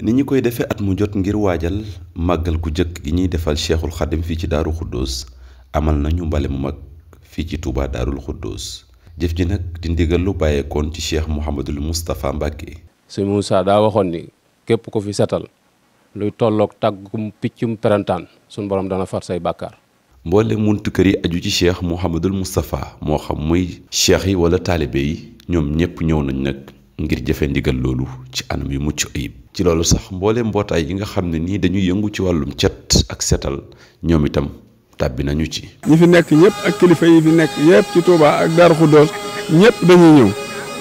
ni ñu koy defee at mu jot ngir waajal màggal gu jëkk gi ñuy defal Cheikhul Khadim fii ci Daaru Xuddoos amal nañu mbale mu mag fii ci Touba Daarul Xuddoos jëf ji nag di ndigal lu bàyyeekoon ci Cheikh Mouhamadul Moustapha Mbacke. sëñ Moussa daa waxoon ni képp ku fi setal luy tolloog tàggum piccum perantaan suñu borom dana far say bàkkaar. mboole muntu kër yi aju ci Cheikh Mouhamadul Moustapha moo xam muy cheikh yi wala taalibe yi ñoom ñëpp ñëw nañ nag. ngir jëfe ndigal loolu ci anam yu mucc ayib ci loolu sax mboolee mbootaay yi nga xam ne nii dañuy yëngu ci wàllum cet ak setal ñoom itam tàbbi nañu ci ñi fi nekk ñëpp ak kilifa yi fi nekk yëpp ci Touba ak Darou Khoudoss ñëpp dañuy ñëw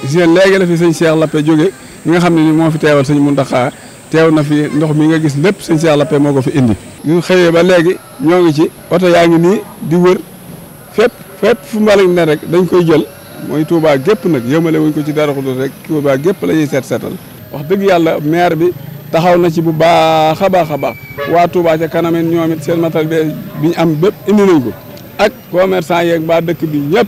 gis ngeen léegi la fi sëñ Cheikh Lappé jóge ñi nga xam ne ni moo fi teewal sëñ Mountakha teew na fi ndox mi nga gis lépp sëñ Cheikh Lappé moo ko fi indi ñu xëyee ba léegi ñoo ngi ci oto yaa ngi nii di wër fépp fépp fu mbalit dañ koy jël mooy tuubaa gépp nag yëmale wuñ ko ci Darou Khoudoss rek Touba gépp la ñuy seet seetal wax dëgg yàlla maire bi taxaw na ci bu baax a baax a baax waa Touba ca kanam ñoom seen matal bi ñu am bépp indi nañ ko ak commerçant yeeg mbaa dëkk bi ñëpp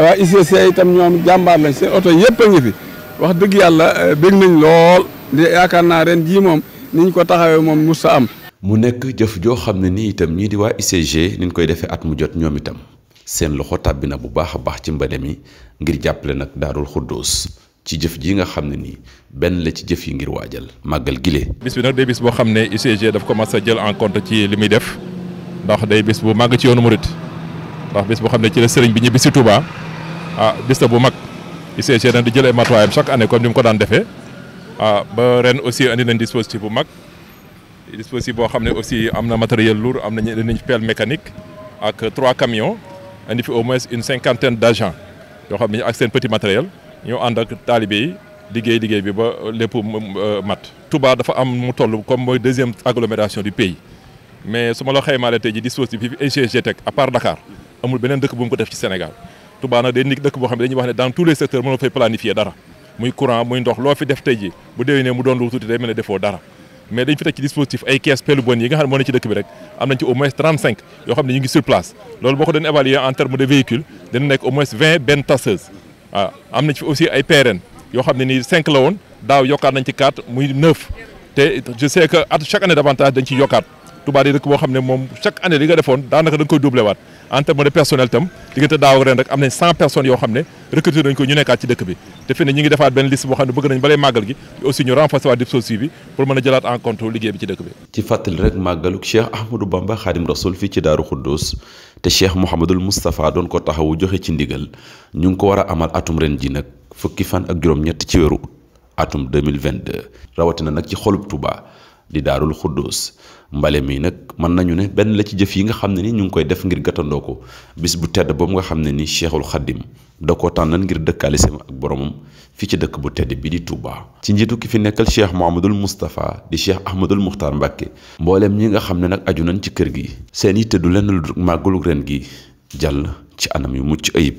waa ICC itam ñoom jàmbaar lañ seen oto yëpp fi wax dëgg yàlla euh, bég nañ lool yaakaar naa ren jii moom niñ ko taxawee moom mus sa am mu nekk jëf joo xam ne nii itam ñii di waa ICG niñ koy defee at mu jot ñoom itam seen loxo tàbbi na bu baax a baax ci mbale mi ngir jàppale nag daarul xuddoos ci jëf ji nga xam ne nii benn la ci jëf yi ngir waajal màggal gile. bis bi nag day boo xam ne daf commencé jël en ci li muy def ndax day bis bu màgg ci yoonu murit ndax bis boo xam ne ci la sëriñ bi ñibbi si Touba ah bis bu mag UCG nag di jël ay matuwaayam chaque année comme ni mu ko daan defee ah ba ren aussi andi nañ dispositif bu mag. dispositif boo xam ne aussi am na matériel lourd am na nañu dañuy pelle mécanique ak trois camions indi fi au moins une cinquantaine d' agents yoo xam ne ak seen petit matériel ñoo ànd ak taalibe yi liggéey liggéey bi ba lépp euh, mat. Touba dafa am mu toll comme mooy deuxième agglomération du pays mais su ma la xaymaale tey ji dispositif bi ECG teg à part Dakar amul beneen dëkk bu mu ko def ci Sénégal Touba nag day nekk dëkk boo xam ne dañuy wax ne dans tous les secteurs mënoo fay planifier dara muy courant muy ndox loo fi def tey ji bu déwénee mu doon lu tuuti day defoo dara. mais dañ fi teg ci dispositif ay kees pelu bon yi nga xam ne moo ne ci dëkk bi rek am nañ ci au moins 35 yoo xam ne ñu ngi sur loolu boo ko doon évaluer en terme de véhicule dina nekk au moins 20 bennes tasseuses waaw am nañ fi aussi ay PRN yoo xam ne nii 5 la woon daaw yokkaat nañ ci 4 muy 9 te je sais que at chaque année davantage dañ ci yokkaat Touba di dëkk boo xam ne moom chaque année li nga defoon daanaka da nga koy doublé waat en de personnel tam diggante daaw ak ren rek am nañ cent personnes yoo xam ne recruté nañ ko ñu nekkaat ci dëkk bi te fi ne ñu ngi defaat benn liste boo xam ne bëgg nañ balay màggal gi aussi ñu renforcer waat dispositif bi pour mën a jëlaat en compte liggéey bi ci dëkk bi ci fàttali ko taxawu joxe ci ndigal ñu ngi ko war a amal atum ren ji nag fukki fan ak juróom-ñett ci weeru atum 2022 rawatina nag ci xolub Touba di daarul xuddoos mbale mi nag mën nañu ne benn la ci jëf yi nga xam ne ni ñu ngi koy def ngir gàttandoo ko bis bu tedd boobu nga xam ne ni cheikhul xaddim da koo tànnan ngir dëkkaale sama ak boromam fii ci dëkk bu tedd bi di Touba. ci njiitu ki fi nekkal cheikh Mouhamadul Moustapha di cheikh Ahmadul Muxtaar Mbàkke mbooleem ñi nga xam ne nag aju nañ ci kër gi seen yitte du lenn lu màggalu ren gi jàll ci anam yu mucc ayib.